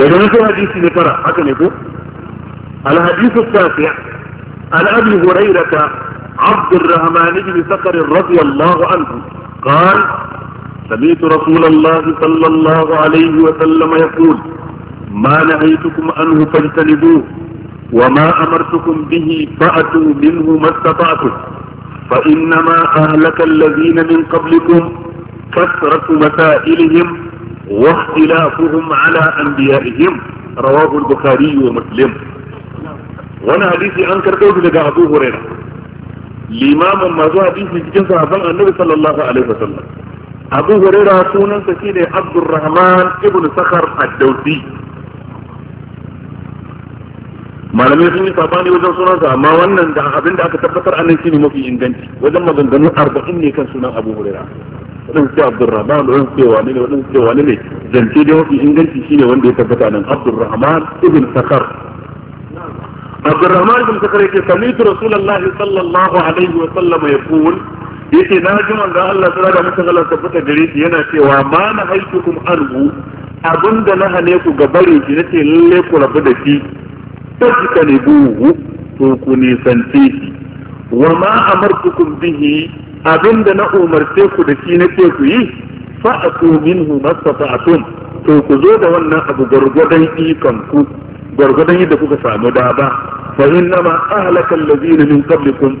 daga nan sai hadisi ne fara haka الحديث التاسع عن ابي هريره عبد الرحمن بن سكر رضي الله عنه قال سمعت رسول الله صلى الله عليه وسلم يقول ما نهيتكم عنه فاجتنبوه وما امرتكم به فاتوا منه ما استطعتم فانما اهلك الذين من قبلكم كثره مسائلهم واختلافهم على أنبيائهم رواه البخاري ومسلم وانا حديثي أنكر قوله لقى أبو هريرة limamin masu hadisi cikin sahabban annabi sallallahu alaihi wasallam abu huraira sunansa shine abdurrahman ibn sakhar ad-dawsi malamai sun yi sabani wajen sunansa amma wannan da abin da aka tabbatar anan shine mafi inganci wajen maganganu arba'in ne kan sunan abu huraira waɗansu ce abdurrahman waɗansu ce ne waɗansu ce wane ne zance dai mafi inganci shine wanda ya tabbata nan abdurrahman ibn sakar abdurrahman ibn sakar yake rasulullahi sallallahu alaihi wa sallam yake na ji manzo Allah sura da mutum Allah tabbata gare shi yana cewa ma na haikukum arhu abinda na hane ku ga bare shi nace lalle ku rabu da shi tajkanibuhu to ku nisanci shi wa ma amartukum bihi abin da na umarce ku da shi nake ku yi fa'atu minhu mastata'tum to ku zo da wannan abu gwargwadon ikon ku gwargwadon yadda kuka samu ba fa innama ahlaka allazina min qablikum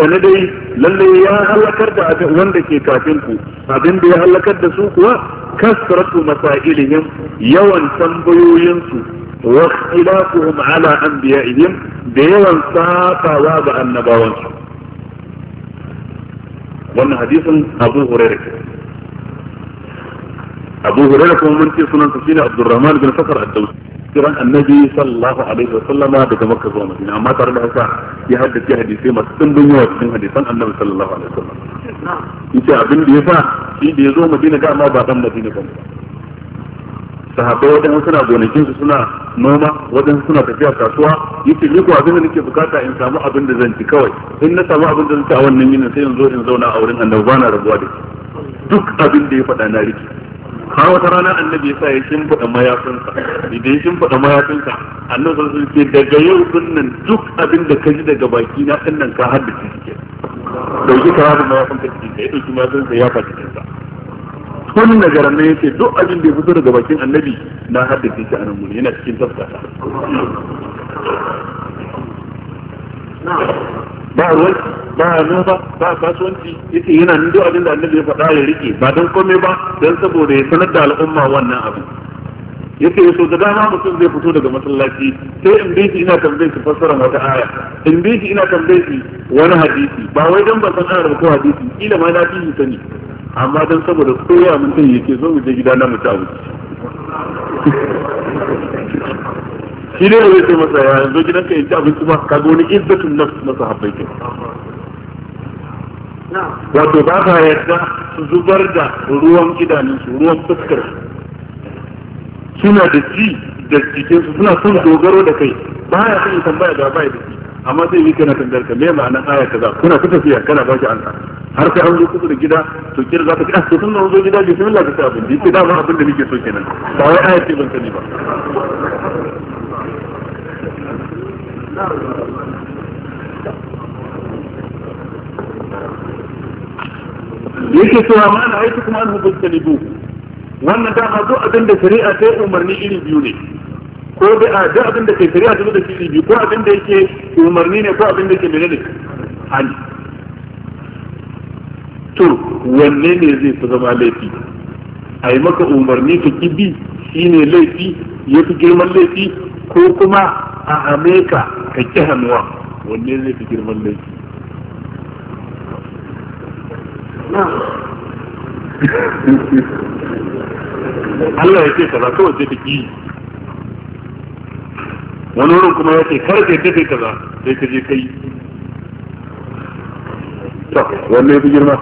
sani dai lalle ya halakar da wanda ke kafin ku abin da ya halakar da su kuwa masa ilimin yawan tambayoyin su wa ikhtilafuhum ala anbiya'ihim da yawan sabawa ga annabawansu wannan hadisin abu hurairah ke abu hurairah kuma mun ce sunansa shine abdurrahman bin sakar ad-dawsi kiran annabi sallallahu alaihi wasallama daga makka zuwa madina amma tare da haka ya haddace hadisai masu dimbin yawa cikin hadisan annabi sallallahu alaihi wasallam abin da yasa shi da yazo madina amma ba dan madina ba sahabbai waɗansu suna gonakin su suna noma wajen suna tafiya kasuwa yace ni ko abin da nake bukata in samu abin da zan ci kawai in na samu abin da zan ci a wannan yinin sai in zo in zauna a wurin annabi bana rabuwa da duk abin da ya faɗa na riki har wata rana annabi ya sa ya shimfiɗa mayafinsa idan ya shimfiɗa mayafinsa annabi sun ce daga yau dinnan duk abin da ka ji daga baki na nan ka haddace cikin ke dauki ka haddace mayafinka cikin ka ya ɗauki mayafinsa ya faɗi cikin tun da garan nan yace duk abin da ya fito daga bakin annabi na haddace shi a nan yana cikin tafsata ba ruwan ba noma ba kasuwanci yace yana nan duk abin da annabi ya faɗa ya rike ba don komai ba dan saboda ya sanar da al'umma wannan abu yake so da dama mutum zai fito daga masallaci sai in bi shi ina tambaye shi fassara wata aya in bi shi ina tambaye shi wani hadisi ba wai dan ba san ayar ko hadisi kila ma na fi sani amma don saboda kowa mutum yake zo mu je gida na mutu abu shi ne zai ce masa ya zo gidan ka yanci abinci ba ka wani izzatun nafs na sahabbai ke wato ba ka yadda su zubar da ruwan su ruwan fuskar suna da ji da su suna son dogaro da kai ba ya son tambaya da ba ya da shi amma zai yi kana tambayar ka me ma'anar aya kaza kuna ta tafiya kana ba shi ansa har sai an zo kusa da gida to kira za ka ga to tun da zo gida bismillah ka ci abinci sai dama abin da nake so kenan ba wai ayat ce ban sani ba yake so ma na aiki kuma an hubu ta libu wannan dama zo abin da shari'a ta yi umarni iri biyu ne ko da a da abin da ke shari'a ta zo da shi biyu ko abin da yake umarni ne ko abin da ke menene hali to wanne ne zai fi zama laifi a yi maka umarni ka kibi ne laifi ya fi girman laifi ko kuma a amerika ka ki hannuwa wanne zai fi girman laifi Allah ya ce kaza kawai sai ta ki wani wurin kuma ya ce kar ka yadda kaza sai ka je kai to wanne fi girma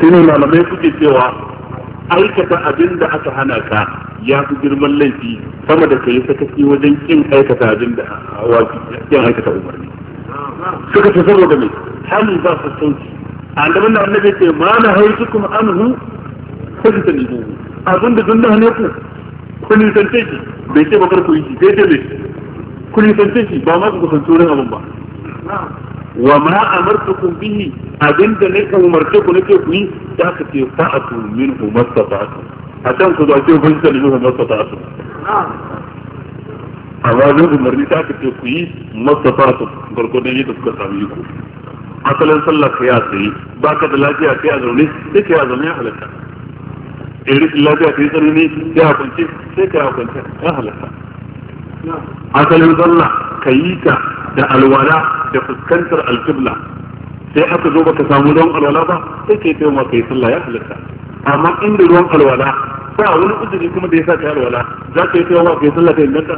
shine malamai suke cewa aikata abin da aka hana ka ya fi girman laifi sama da ka yi sakaci wajen kin aikata abin da kin aikata umarni suka ce saboda mai hannu ba su sauki a gaban da annabi ce ma na haitu kuma anhu kun ta nemo abin da dun da hane ku kun yi tantance bai ce bakar ku yi sai ce mai ku nisance shi ba ma ku kusanci wurin abin ba wa ma bihi abinda ne kan umarce ku nake ku yi da ka ce fa'atu minhu mastata'tu akan ku zace ku fahimta da minhu mastata'tu amma zan umarni ka ce ku yi mastata'tu gurgurdan yadda kuka sami ku asalin sallah ka ya ba ka da lafiya kai a zaune sai ka a zaune ya halatta eh, in lafiya ka yi tsanani sai a kwance sai ka a kwance ya halatta asalin sallah ka yi ta da alwala da fuskantar alkibla sai aka zo baka samu ruwan alwala ba sai kai taimaka kai sallah ya halitta amma inda ruwan alwala ba wani uzuri kuma da ya sa ka alwala za ka yi taimaka kai sallah ta inganta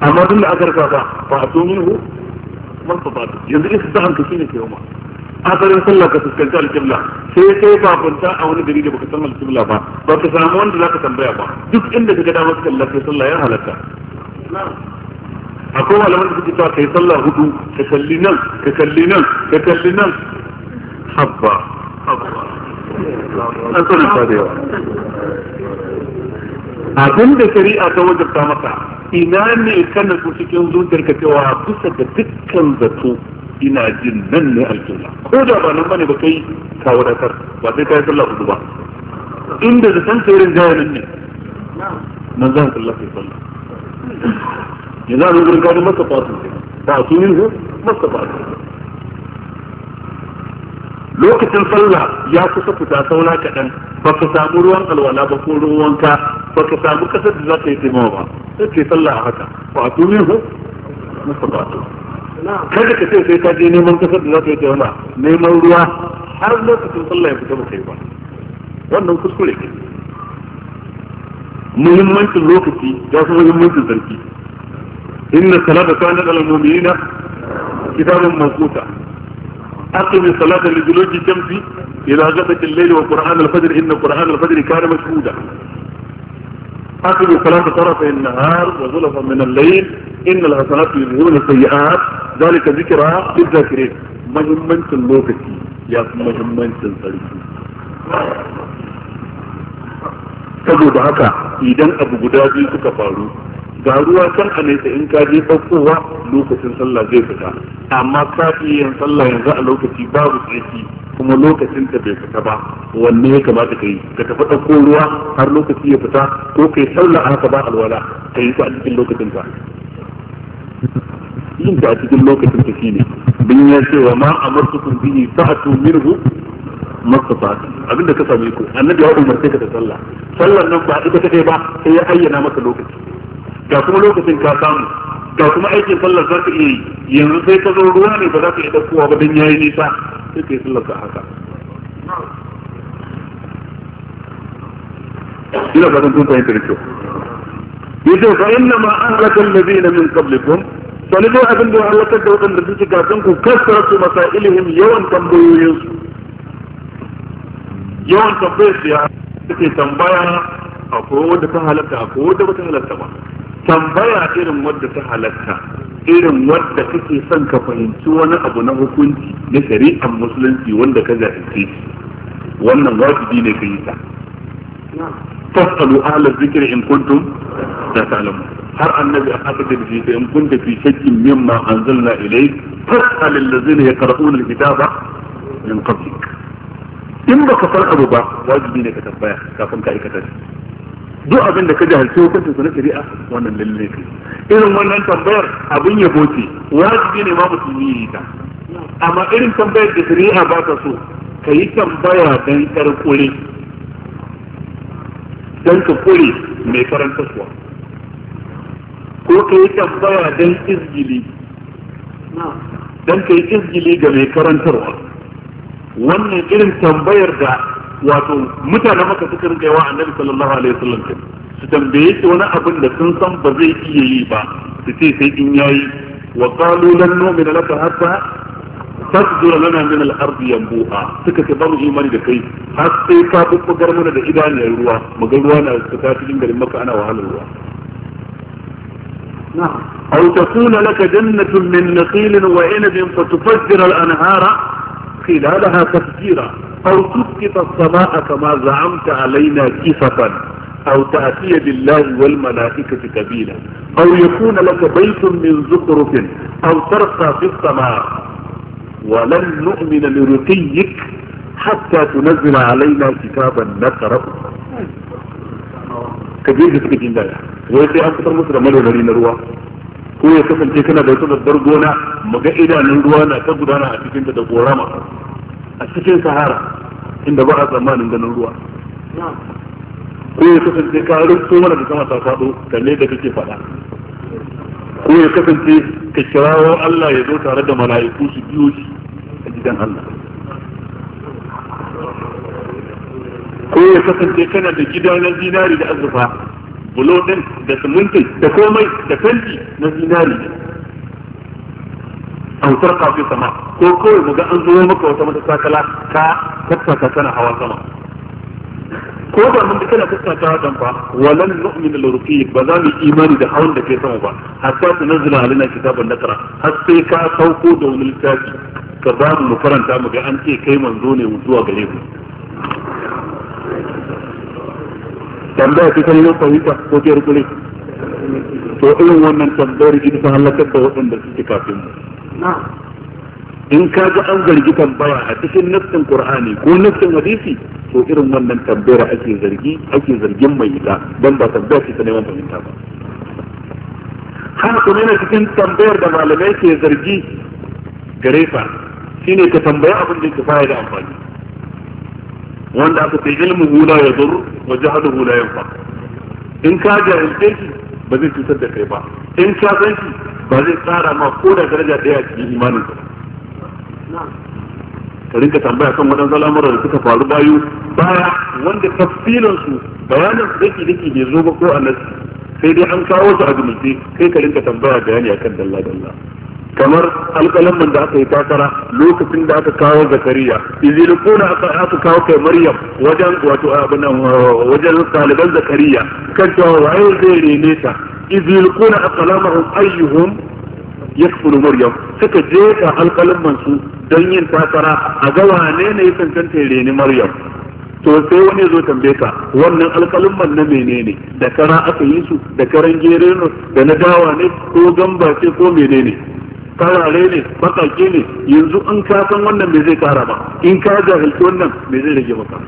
amma tun da aka rasa ba ba a tuni hu man fa fatu yanzu isa ta hanka shine ke yoma asalin sallah ka fuskanci alƙibla sai sai ba kunta a wani gari da baka san alƙibla ba ba ka samu wanda zaka tambaya ba duk inda ka ga dama ka kalla sai sallah ya halatta akwai malaman da suke cewa kai sallah hudu ka kalli nan ka kalli nan ka kalli nan habba an sani ta da yawa abin da shari'a ta ta maka ina ne ka su cikin ka cewa kusa da dukkan zato ina jin nan ne alƙibla ko da ba nan bane ba kai ka wadatar ba sai kai sallah hudu ba inda da san sirrin jayanin ne nan zan sallah sai sallah yanzu a rubar gani masa fasu ba a sunin su masa fasu lokacin sallah ya kusa fita sauna kaɗan ba ka samu ruwan alwala ba ko ruwan wanka ba ka samu kasar da za ka yi taimawa ba sai ce sallah a haka ba a sunin su masa fasu kada ka ce sai ka je neman kasar da za ka yi taimawa neman ruwa har lokacin sallah ya fita ba kai ba wannan kuskure ne muhimmancin lokaci ya fi muhimmancin sarki inna salata kana da al-mu'minina kitabun mawquta aqim salata li duluki shamsi ila ghadati al-layli wa qur'an al-fajr inna qur'an al-fajr kana mashhuda aqim salata tarafa an-nahar wa zulfa min al-layl inna al-hasanati yuzhibuna al sayyiat dhalika dhikra lidh-dhakirin muhimmancin lokaci ya fi muhimmancin sarki saboda haka idan abu guda biyu suka faru ga ruwa can a nesa in ka je lokacin sallah zai fita amma ka yin sallah yanzu a lokaci babu tsaki kuma lokacin ta bai fita ba wanne ya kamata ka yi ka tafi ɗauko ruwa har lokaci ya fita ko kai yi sallah a haka ba alwala ka yi ta a cikin lokacin ta yin ta a cikin lokacin ta shine bin ya cewa ma amartukum bihi sa'atu minhu mastafa abinda ka sami iko annabi ya umarce ka da sallah sallar nan ba ita kadai ba sai ya ayyana maka lokaci ga kuma lokacin ka samu ga kuma aikin sallar za ka iya yi yanzu sai ka zo ruwa ne ba za ka iya ɗaukowa ba don yayi nisa sai ka yi sallar ka haka ina fatan kun fahimta da kyau yace fa inna ma ahlaka alladhina min qablikum sanidu abin da halakar da wadanda suke gasan ku kasaratu masailihim yawan tambayoyinsu yawan tambayar siya suke tambaya a wadda ta halatta a wadda ba ta halatta ba tambaya irin wadda ta halatta irin wadda kake son ka fahimci wani abu na hukunci na shari'ar musulunci wanda ka jahilce wannan wajibi ne ka yi ta fasalu ahla zikr in kuntum la ta'lamu har annabi a haka da shi in kuntum fi shakkin mimma anzalna ilayk fasal allazina yaqra'una alkitaba min qablik in ba ka abu ba wajibi ne ka tambaya kafin ka aikata shi duk abin da ka jahilci hukuncin su na shari'a wannan lalle ne irin wannan tambayar abin ya boce wajibi ne ma musulmi yi ta amma irin tambayar da shari'a ba ta so ka yi tambaya dan kure dan ka kure mai karanta suwa ko ka yi tambaya dan izgili dan ka yi izgili ga mai karantarwa wannan irin tambayar da wato mutane maka suka rinka yawa annabi sallallahu alaihi wasallam su tambaye shi wani abin da sun san ba zai iya yi ba su ce sai in yayi wa qalu lan nu'mina laka hatta tasjur lana min al-ard yanbu'a suka ce ba mu imani da kai har sai ka bubbugar mana da idaniyar ruwa mu ga ruwa na fita cikin garin maka ana wahalar ruwa أو تكون لك جنة من نخيل وعنب فتفجر الأنهار خلالها تفجيرا أو تسقط السماء كما زعمت علينا كسفا أو تأتي بالله والملائكة كبيلا أو يكون لك بيت من زخرف أو ترقى في السماء ولن نؤمن لرقيك حتى تنزل علينا كتابا نقرأ كبير جسد جندا ويسي أكثر مصر ملو لنا الرواح ko ya kasance kana da wata babbar gona mu ga idanun ruwa na ta gudana a cikin da gorama a cikin sahara inda ba a tsammanin ganin ruwa ko ya kasance ka rubuto mana da sama ta faɗo kalle da kake faɗa ko ya kasance ka kirawo Allah ya zo tare da mala'iku su biyo shi a gidan Allah ko ya kasance kana da gida na zinari da azurfa bulo din da simintin da komai da fenti na zinari an sarka kafin sama ko kawai mu ga an zo maka wata matasakala ka tattaka tana hawa sama ko da mun da kana tattaka dan fa walan nu'min lil ruqiy ba za mu imani da hawan da ke sama ba hatta nazila alina kitaban nakara har sai ka sauko da wani littafi ka za mu karanta mu ga an ce kai manzo ne zuwa gare mu tambaya ce kan yau fahimta ko ta rukuli to irin wannan tambayar ita ta halakar da waɗanda suke kafin in ka ga an zargi tambaya a cikin nassin qur'ani ko nassin hadisi to irin wannan tambayar ake zargi ake zargin mai ita dan ba tambaya ce ta neman fahimta ba haka kuma yana cikin tambayar da malamai ke zargi gare fa shine ka tambaya abin da ke faya da amfani wanda aka ce ilmu hula ya zuru wa jahaluhu la yanfa in ka jahilce shi ba zai cutar da kai ba in ka san ba zai tsara ma ko da daraja daya a cikin imanin ka ka rinka tambaya kan waɗansu al'amuran da suka faru bayu baya wanda kafilan su bayanin su dake dake bai ba ko a sai dai an kawo su a gumulce kai ka rinka tambaya bayani akan dalla dalla kamar alƙalan da aka yi takara lokacin da aka kawo zakariya izilkuna aka kawo kai maryam wajen wato abin wajen kaliban zakariya kan cewa waye zai rene ta izilkuna aqlamahum ayyuhum yakfulu maryam suka ta alƙalan su don yin takara a ga wane ne ya rene maryam to sai wani zo tambaye ka wannan alkalin na menene da kara aka yi su da karan gerenu da na dawa ne ko gamba ce ko menene farare ne bakaki ne yanzu an ka san wannan me zai kara ba in ka jahilci wannan me zai rage maka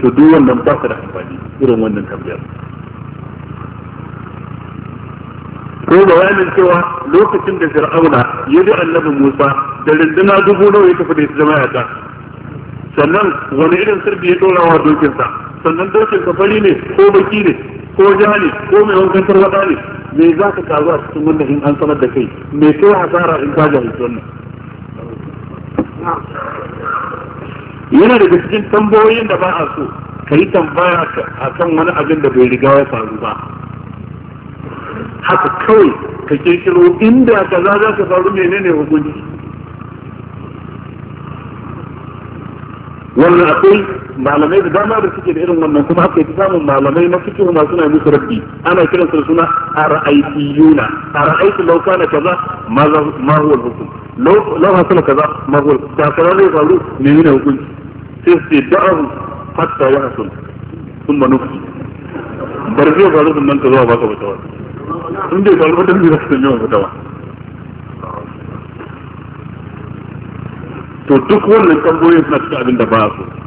to duk wannan ba ka da amfani irin wannan tambayar ko bayanin cewa lokacin da fir'auna ya bi annabi musa da rinduna dubu nawa ya tafi da ita jama'a ta sannan wani irin sirbi ya dora wa dokinsa sannan dokinsa fari ne ko baki ne ko ja ne ko mai wankan tarwada ne me za ka karu a cikin wannan in an sanar da kai me kai hasara in ka jahilci wannan yana daga cikin tambayoyin da ba a so ka yi tambaya a kan wani abin da bai riga ya faru ba haka kawai ka kirkiro inda kaza za ka faru menene hukunci wannan akwai malamai da dama da suke da irin wannan kuma haka yake samun malamai na fiqh ma suna musu rabbi ana kiran su suna ara'aytiyuna ara'aytu law kana kaza ma ma huwa al-hukm law law hasala kaza ma huwa da kaza zai faru ne ne hukun sai su da'ahu hatta yahsul thumma nufi bar zai faru sannan ka zuwa baka fatawa in dai faru fatan zai san yawan fatawa to duk wannan tambayoyin suna cikin abin da ba su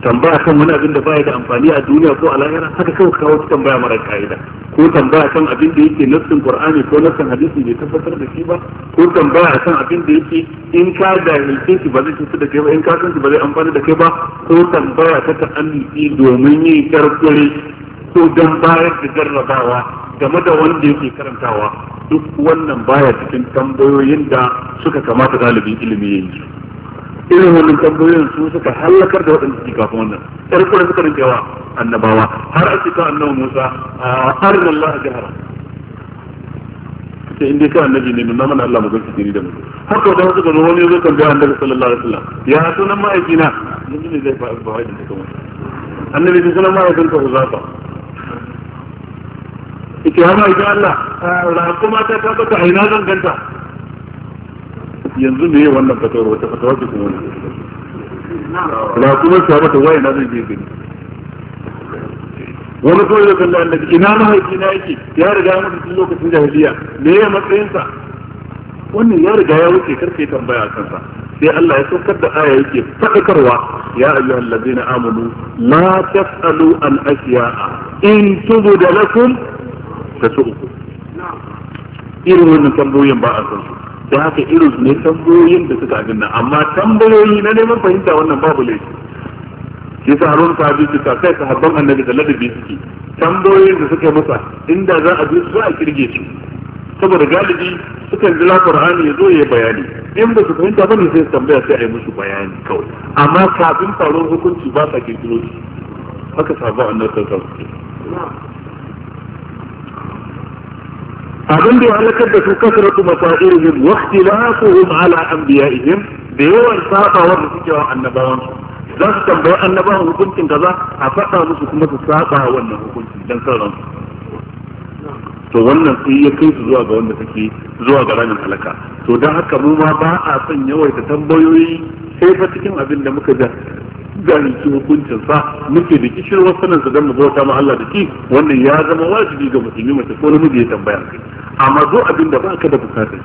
tambaya kan wani abin da baya da amfani a duniya ko a lahira haka kawai kawo ta tambaya mara ka'ida ko tambaya kan abin da yake nassin qur'ani ko nassin hadisi bai tabbatar da shi ba ko tambaya kan abin da yake in ka jahilce shi ba zai cutu da kai ba in ka san shi ba zai amfani da kai ba ko tambaya ta ta'annuci domin yin karkure ko don bayar da jarrabawa game da wanda yake karantawa duk wannan baya cikin tambayoyin da suka kamata ɗalibin ilimi yayi irin wannan tambayoyin su suka halakar da waɗanda suke kafin wannan ɗan kuma suka rinke wa annabawa har a cikin annabi Musa a harin Allah a jihar sai inda kai annabi ne nuna mana Allah mu gaske jini da mu haka da suka zo wani zo tambaya annabi sallallahu alaihi wasallam ya sunan ma'aikina mun ne zai faɗi ba wajen kuma annabi sai sunan ma'aikin ka uzafa ita ma idan Allah ra kuma ta tabbata aina zan ganta yanzu me wannan fatawar wata fatawar ce kuma wannan la kuma sa mata waye na zan je gani wani kawai da kallon annabi ina mahaifi na yake ya riga ya mutu tun lokacin jahiliya me ya matsayinsa wannan ya riga ya wuce karfe tambaya a kansa sai Allah ya saukar da aya yake fadakarwa ya ayyuhal ladina amanu la tasalu an ashiya in tubu da lakum tasu'ukum irin wannan tambayoyin ba a san su da haka irin ne tambayoyin da suka abin nan amma tambayoyi na neman fahimta wannan babu ne shi sa harun sahabi bi ka kai sahabban annabi da ladabi suke tambayoyin da suka yi masa inda za a bi su za a kirge su saboda galibi sukan zila qur'ani ya zo ya bayani in ba su fahimta ba ne sai su tambaya sai a yi musu bayani kawai amma kafin faruwar hukunci ba sa kirkiro shi haka sabon annabi ta kawo abin da ya halakar da su kasratu masairihim wa ikhtilafuhum ala anbiya'ihim da yawan sabawa da suke wa annabawan za su tambayi annabawan hukuncin kaza a faɗa musu kuma su saba wannan hukuncin dan sauran to wannan sai ya kai su zuwa ga wanda take zuwa ga ranar halaka to dan haka mu ma ba a son yawaita tambayoyi sai fa cikin abin da muka ga zalunci hukuncin sa muke da kishirwar sanin su dan mu bauta ma Allah da ki wannan ya zama wajibi ga musulmi mace ko namiji ya tambaya kai amma zo abin da ka da bukata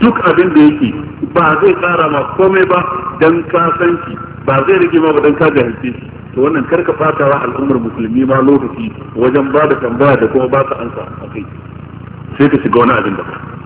duk abin da yake ba zai kara ma komai ba dan ka san shi ba zai rage ma ba dan ka ga shi to wannan karka fata wa al'ummar musulmi ma lokaci wajen ba da tambaya da kuma ba ka ansa a sai ka shiga wani abin da ba